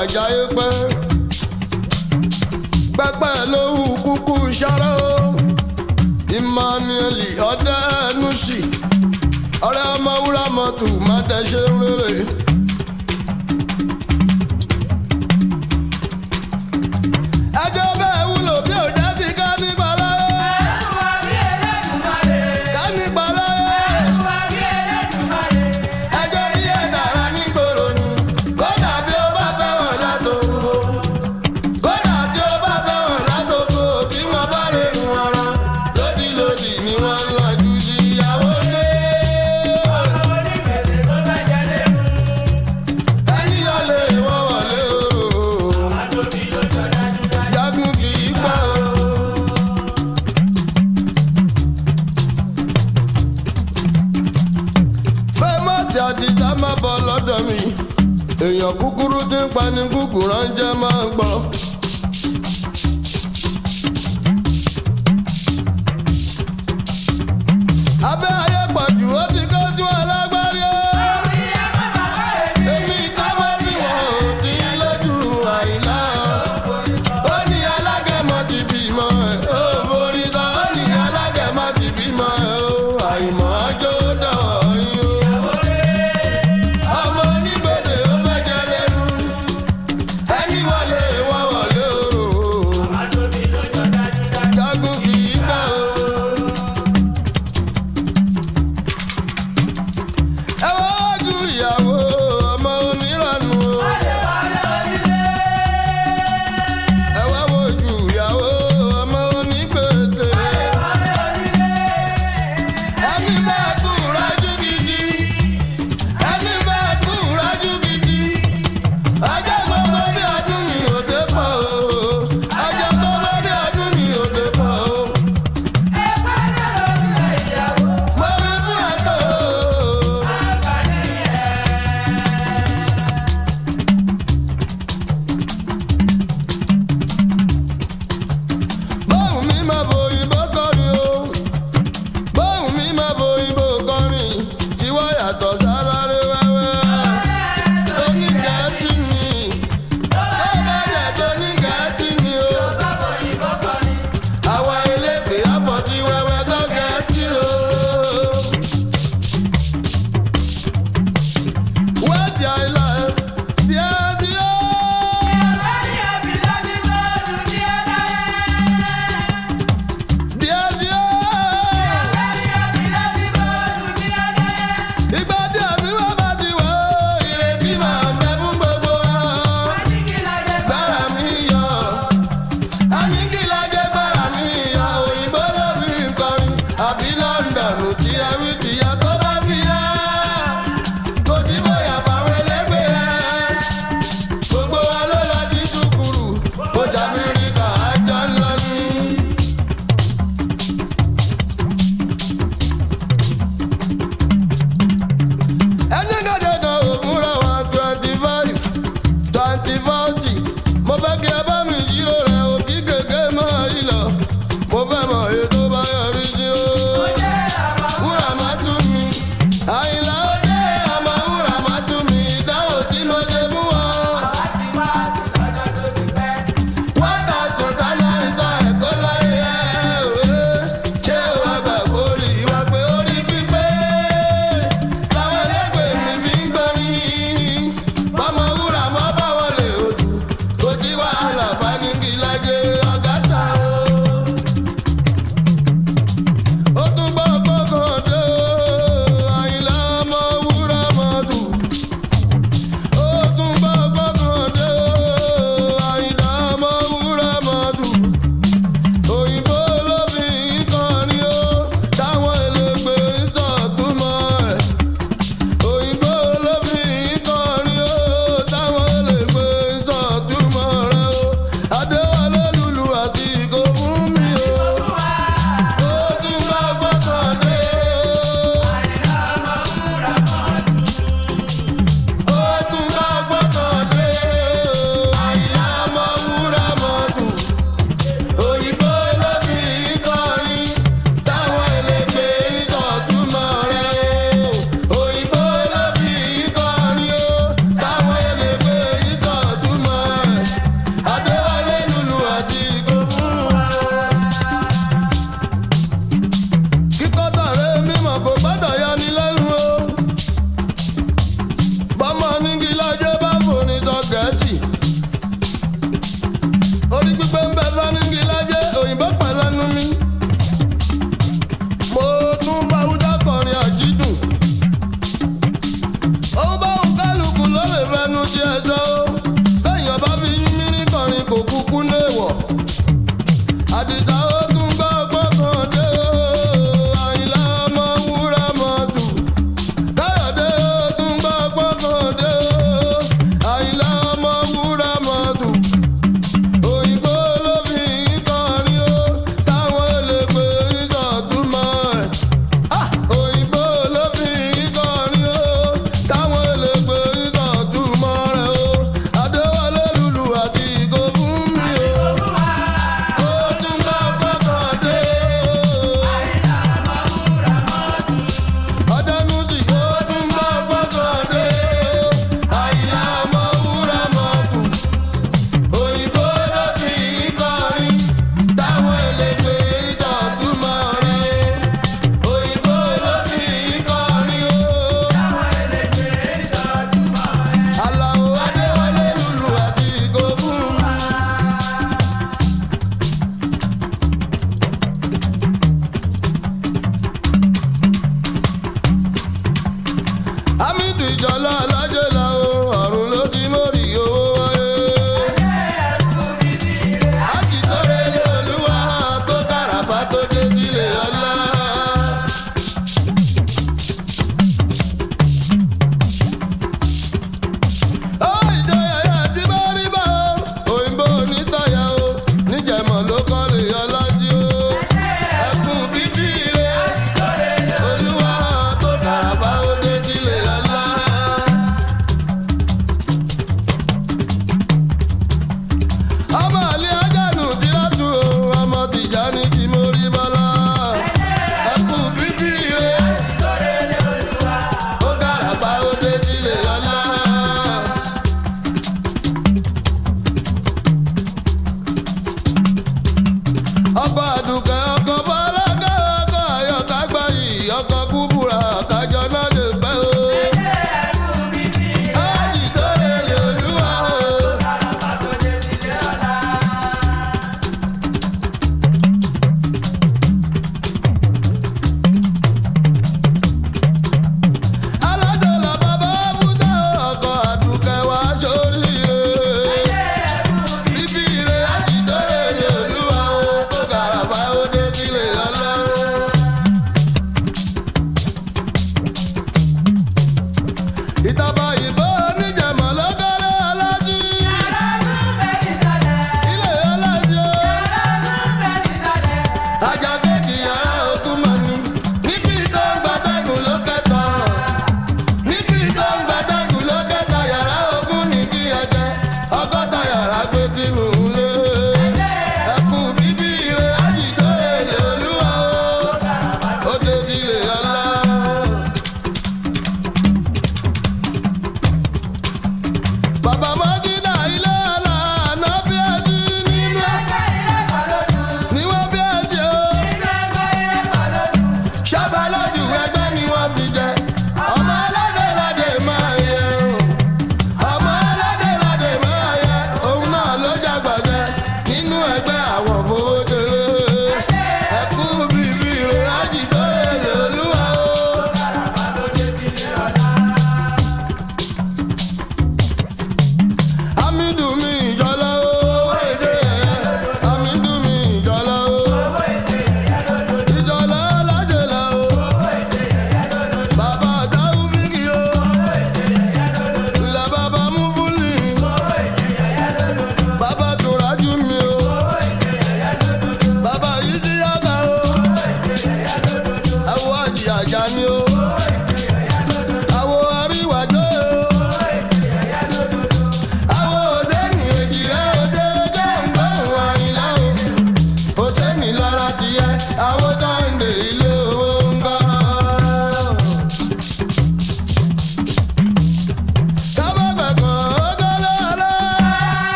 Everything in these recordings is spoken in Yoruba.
àjáyé pẹ́ pẹ́pẹ́ lóhùn kúkú ṣáró Emmanuel ọ̀dẹ́nuṣì ọ̀rẹ́ ọmọ wúrà mọ́tò má tẹ̀ ṣe ń rere. Facebook ránjẹ́ máa ń gbọ́. abẹ́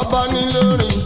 ọba ní lórin.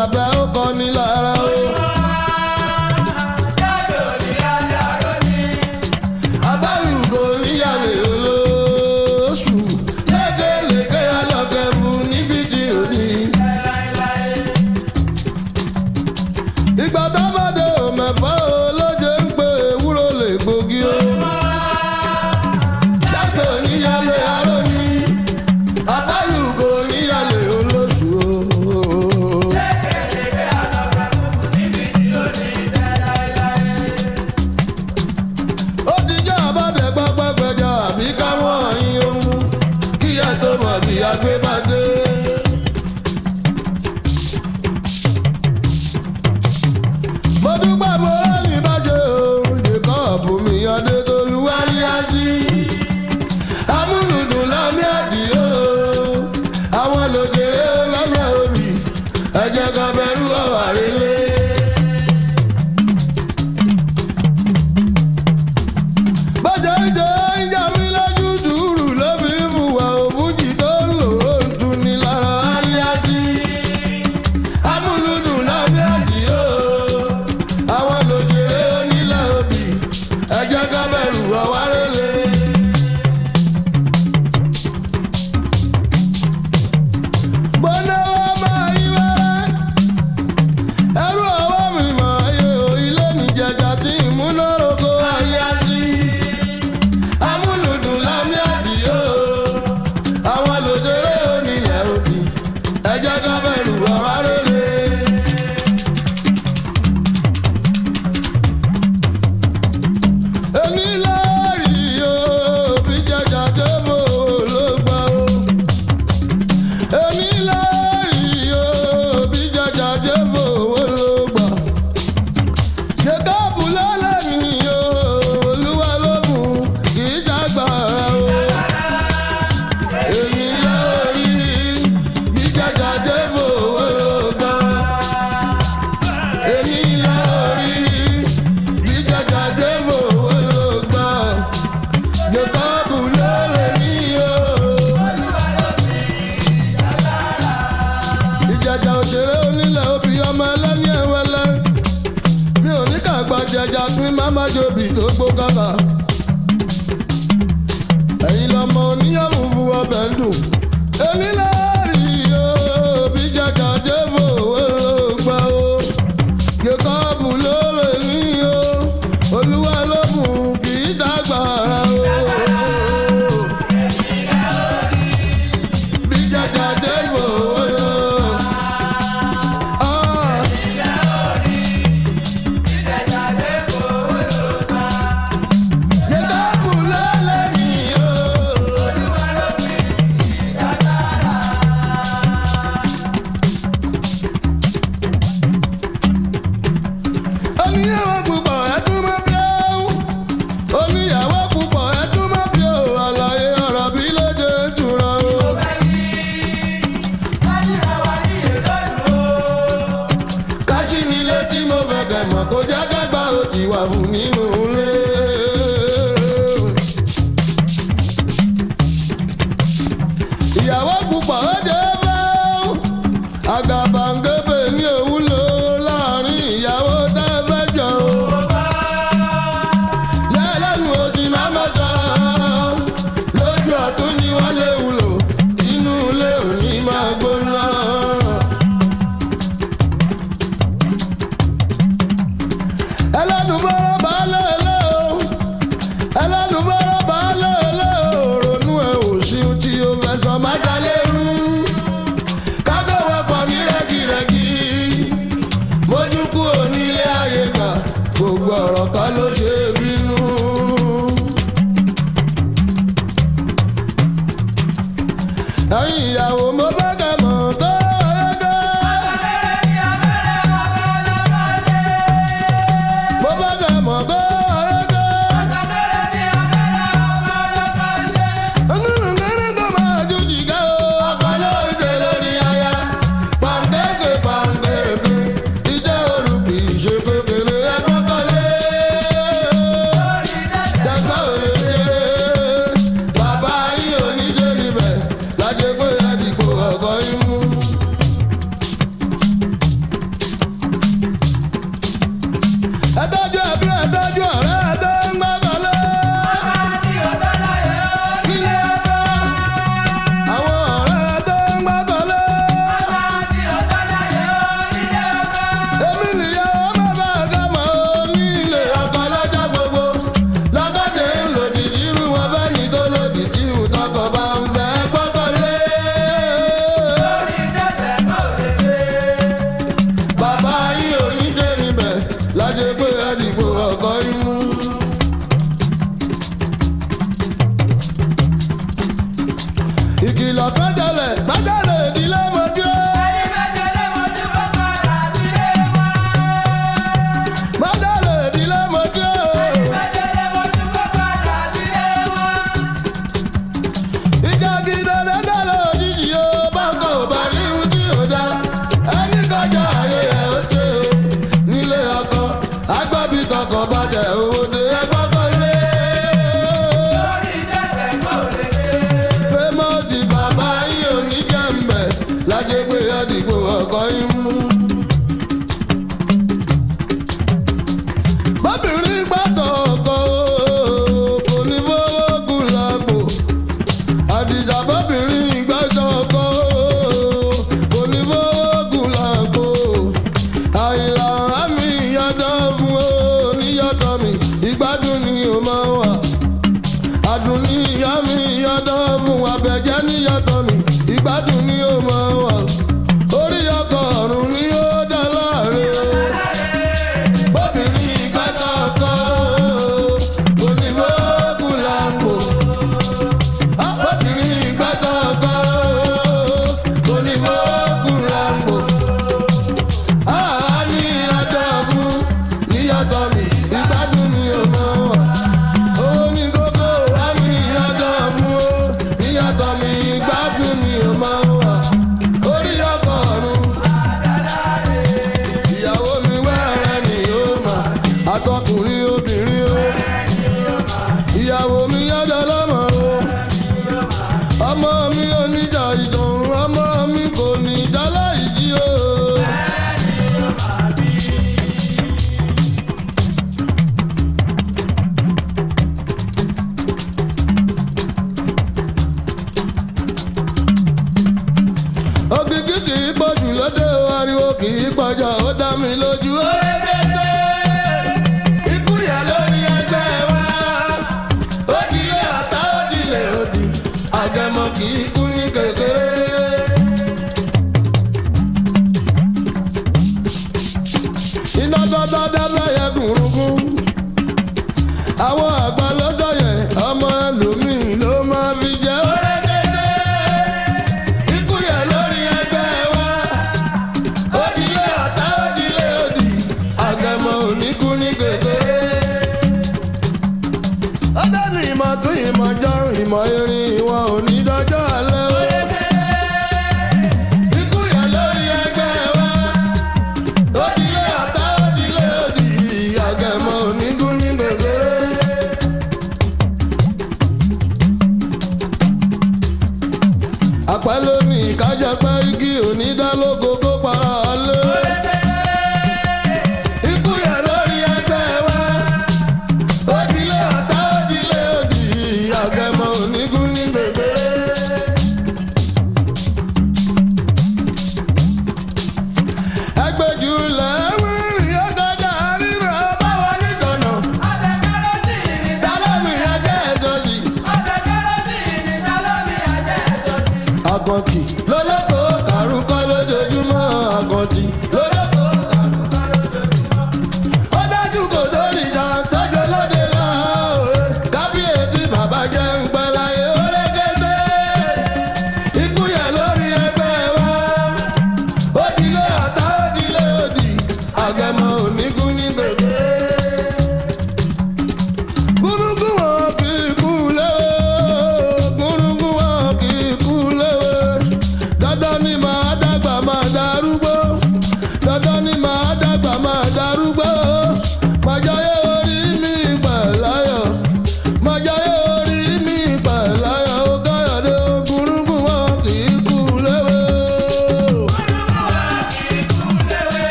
bàbá ó kọ́ ni lọ. mọ̀ kó jágàgbà ó ti wà fún nínú ilé.